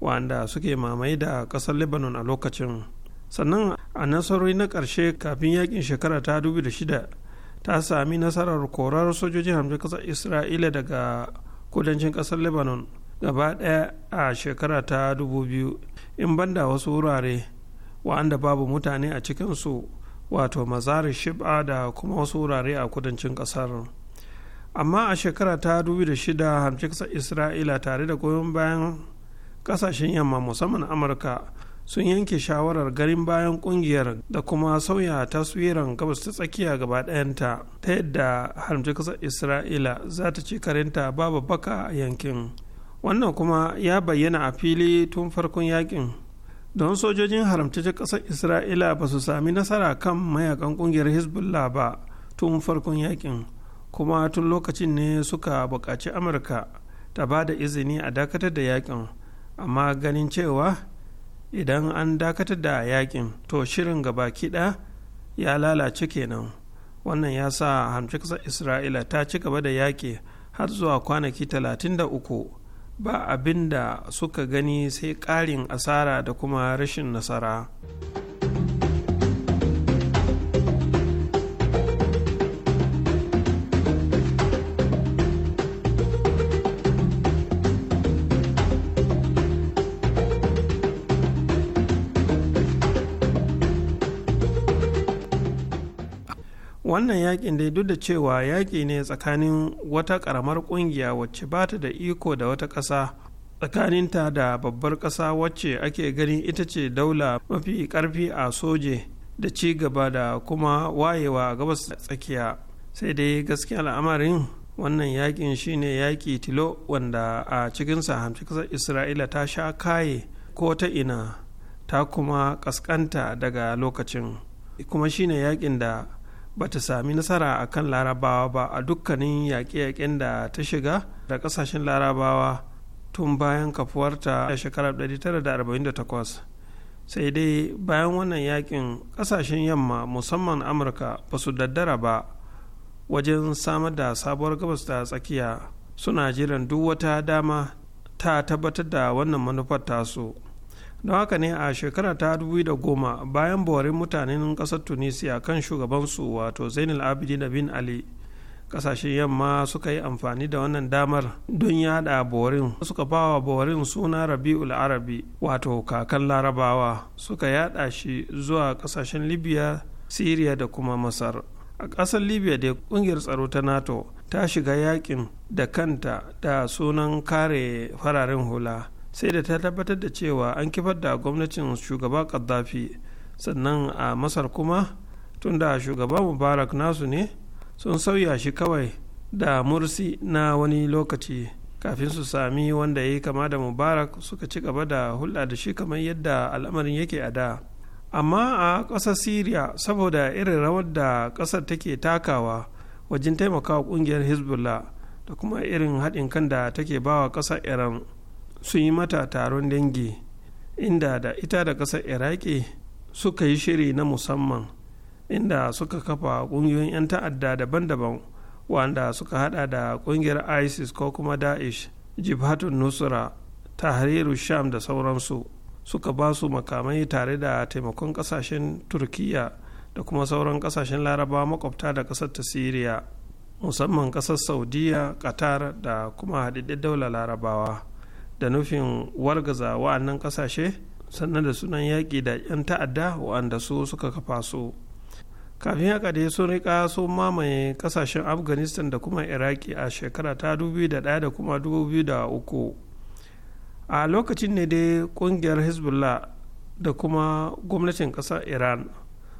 wanda suke mamaye da ƙasar lebanon a lokacin sannan a nasarori na ƙarshe kafin yakin shekara ta shida ta sami nasarar korar sojojin hamshin kasar isra'ila daga kudancin ƙasar lebanon gaba ɗaya a shekara ta 2000 in banda wasu wurare wa'anda babu mutane a cikinsu wato mazari shib'a da kuma wasu wurare a kudancin kasar amma a shekara ta shida 2006 kasar isra'ila tare da goyon bayan kasashen yamma musamman amurka sun yanke shawarar garin bayan kungiyar da kuma sauya taswiran gabas ta tsakiya gaba ɗayanta ta yadda haramci kasar isra'ila za ta ci karinta babu baka a yankin wannan kuma ya bayyana a fili tun farkon yakin don sojojin haramtaccen ƙasar isra'ila ba su sami nasara kan mayakan ƙungiyar hezbollah ba tun farkon yakin kuma tun lokacin ne suka buƙaci amurka ta ba da izini a dakatar da yakin amma ganin cewa idan an dakatar da yakin to shirin gaba kiɗa ya lalace kenan wannan ya sa hamshin ƙasar isra'ila ta ci gaba da yaƙi har zuwa kwanaki 33 ba abin da suka gani sai ƙarin asara da kuma rashin nasara. wannan yakin dai duk da cewa yaƙi ne tsakanin wata ƙaramar ƙungiya wacce ba ta da iko da wata ƙasa tsakaninta da babbar ƙasa wacce ake ganin ita ce daula mafi ƙarfi a soje da ci gaba da kuma wayewa a gabas tsakiya sai dai gaskiya al'amarin wannan yakin shine yaƙi tilo wanda a cikinsa hamsin ƙasar isra'ila ta sha kaye ko ta ina ta kuma ƙasƙanta daga lokacin kuma shine yakin da ba ta sami nasara a kan larabawa ba a dukkanin yaƙe-yaƙen da ta shiga da ƙasashen larabawa tun bayan kafuwarta a shekarar 1948 sai dai bayan wannan yaƙin ƙasashen yamma musamman amurka ba su daddara ba wajen samar da sabuwar gabas da tsakiya suna jiran duk wata dama ta tabbatar da wannan manufar tasu. don haka ne a shekara ta goma bayan borin mutanen ƙasar tunisia kan shugabansu wato zainul abidin bin ali kasashen yamma suka yi amfani da wannan damar don yada borin suka bawa borin suna rabi'ul arabi wato kakan larabawa suka yada shi zuwa kasashen libya syria da kuma masar a ƙasar libya da ƙungiyar tsaro ta nato ta shiga yakin da kanta da sunan kare fararen hula sai da ta tabbatar da cewa an kifar da gwamnatin shugaba kaddafi sannan a masar kuma tunda shugaba mubarak nasu ne sun sauya shi kawai da mursi na wani lokaci kafin su sami wanda ya yi kama da mubarak suka ci gaba da hulɗa da shi kamar yadda al'amarin yake a da amma a ƙasar syria saboda irin rawar da ƙasar take takawa wajen taimakawa ƙungiyar hezbollah da kuma irin haɗin kan da take bawa ƙasar iran sun yi mata taron dangi inda da ita da ƙasar iraki suka yi shiri na musamman inda suka kafa ƙungiyoyin 'yan ta'adda daban-daban wanda suka hada da ƙungiyar isis ko kuma daesh jibhatun nusra tahriru sham da sauransu suka ba su makamai tare da taimakon ƙasashen turkiya da kuma sauran ƙasashen larabawa makwabta da ƙasar ta siriya musamman ƙasar saudiya qatar da kuma haɗaɗɗen daular larabawa da nufin wargaza wa'annan kasashe sannan da sunan yaƙi da 'yan ta'adda wa'anda su suka kafa su kafin haka dai sun rika sun mamaye kasashen afghanistan da kuma iraki a shekara ta 2001 da kuma 2003 a lokacin ne dai ƙungiyar hezbollah da kuma gwamnatin ƙasar iran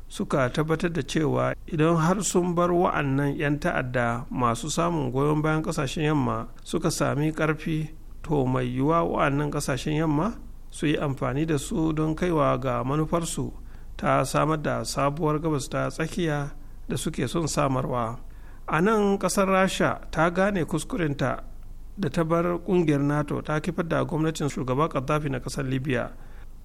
suka tabbatar da cewa idan har sun bar wa'annan 'yan ta'adda masu samun goyon bayan kasashen yamma suka sami karfi to mai yiwuwa wa'annan ƙasashen yamma su yi amfani da su don kaiwa ga manufarsu ta samar da sabuwar gabas ta tsakiya da suke son samarwa a nan kasar rasha ta gane kuskurenta da ta bar ƙungiyar nato ta kifar da gwamnatin shugaban gaddafi na ƙasar libya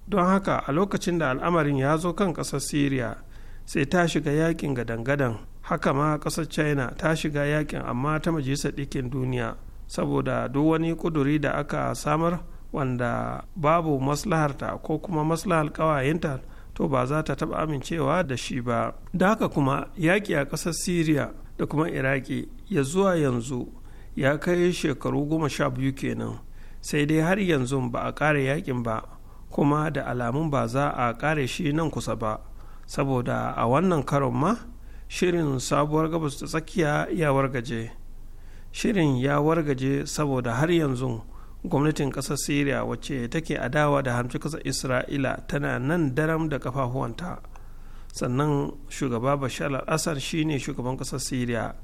don haka a lokacin da al'amarin ya zo kan ƙasar syria sai ta shiga yakin gadan-gadan haka ma ƙasar china ta shiga yakin amma ta majalisar ɗikin duniya saboda duk wani kuduri da aka samar wanda babu maslaharta ko kuma maslahar ƙawayenta to ba za ta taɓa amincewa da shi ba da haka kuma yaƙi a ƙasar syria da kuma iraki ya zuwa yanzu ya kai shekaru goma sha biyu kenan sai dai har yanzu ba a ƙare yaƙin ba kuma da alamun ba za a ƙare shi nan kusa ba saboda a wannan karon ma shirin sabuwar gabas ta tsakiya ya wargaje shirin ya wargaje saboda har yanzu gwamnatin ƙasar syria wacce take adawa da hamci ƙasar isra'ila tana nan daram da kafafuwanta sannan shugaba bashar al shine shugaban ƙasar syria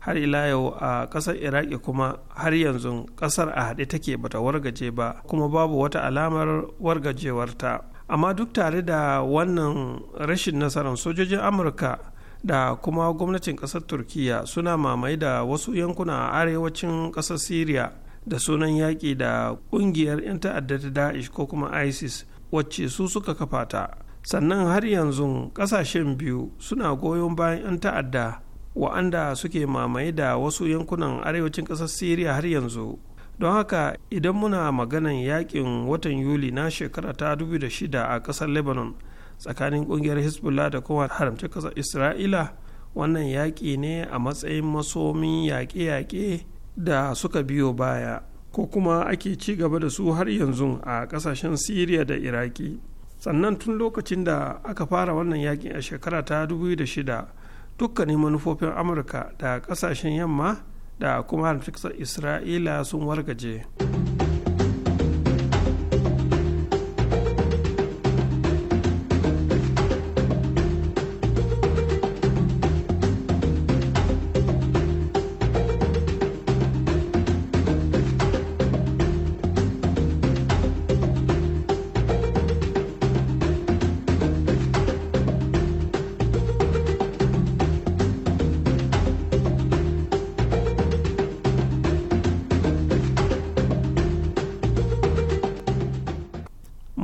har ila yau a ƙasar iraki kuma har yanzu ƙasar a haɗe take bata wargaje ba kuma babu wata alamar wargajewarta amma duk tare da wannan rashin nasarar sojojin amurka da kuma gwamnatin kasar turkiya suna mamaye da wasu yankuna a arewacin kasar syria da sunan yaƙi da ƙungiyar 'yan ta'adda ta da'ish ko kuma isis wacce su suka kafa ta sannan har yanzu ƙasashen biyu suna goyon bayan 'yan ta'adda wa'anda suke mamaye da wasu yankunan arewacin ƙasar syria har yanzu don haka idan muna maganan yaƙin watan yuli na shekara ta 2006 a ƙasar lebanon tsakanin kungiyar hezbollah da kuma haramci kasar isra'ila wannan yaƙi ne a matsayin masomin yaƙe-yaƙe da suka biyo baya ko kuma ake ci gaba da su har yanzu a ƙasashen siriya da iraki sannan tun lokacin da aka fara wannan yaƙi a shekara ta 2006 dukkanin manufofin amurka da ƙasashen yamma da kuma haramci kasar isra'ila sun wargaje.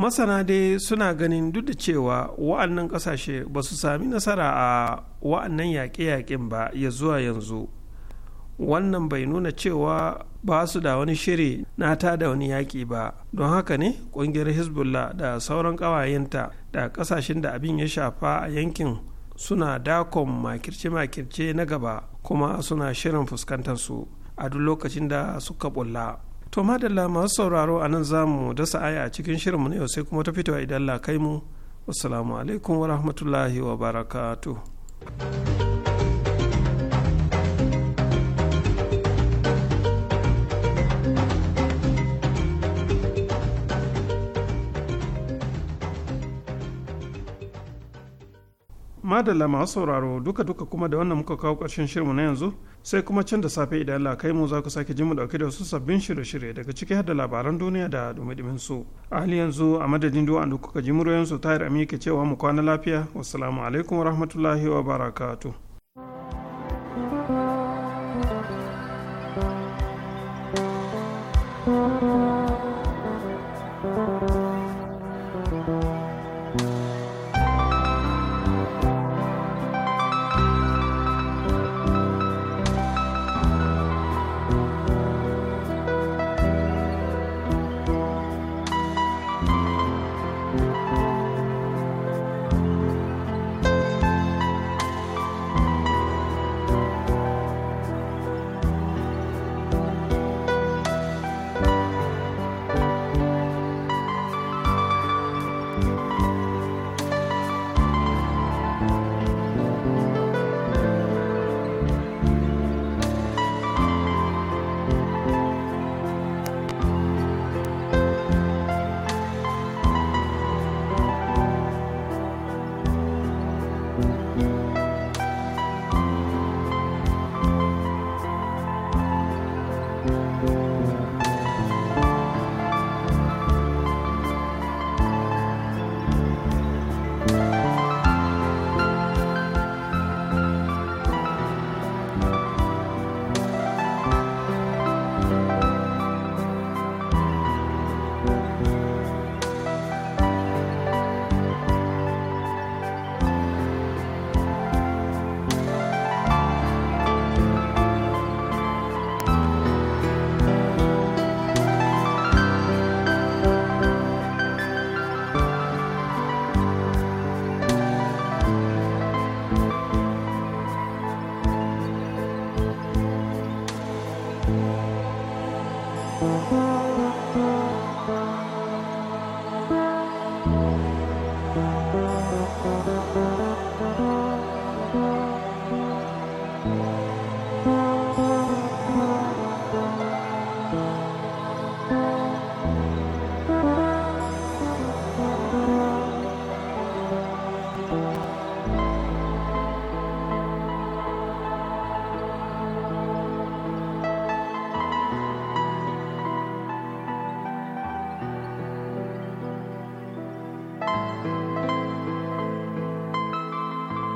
masana dai suna ganin duk da cewa wa'annan kasashe ba su sami nasara a wa'annan yaƙe-yaƙen ba ya zuwa yanzu wannan bai nuna cewa ba su da wani shiri na ta da wani yaƙi ba don haka ne ƙungiyar hezbollah da sauran ƙawayenta da ƙasashen da abin ya shafa a yankin suna dakon makirce-makirce na gaba kuma suna shirin fuskantar su a duk lokacin da suka bulla to madalla masu sauraro a nan za mu dasa aya a cikin shirinmu na yau sai kuma ta fitowa idan la kai mu assalamu alaikum wa rahmatullahi wa barakatuh madalla masu sauraro duka-duka kuma da wannan muka kawo ƙarshen shirmu na yanzu sai kuma can da safe idan Allah kai mu za ku sake ji mu dauke da wasu sabbin shirye-shirye daga ciki har da labaran duniya da dumi su a hali yanzu a madadin duwa da kuka ji muryoyin su tayar amike cewa mu kwana lafiya wassalamu alaikum warahmatullahi wabarakatuh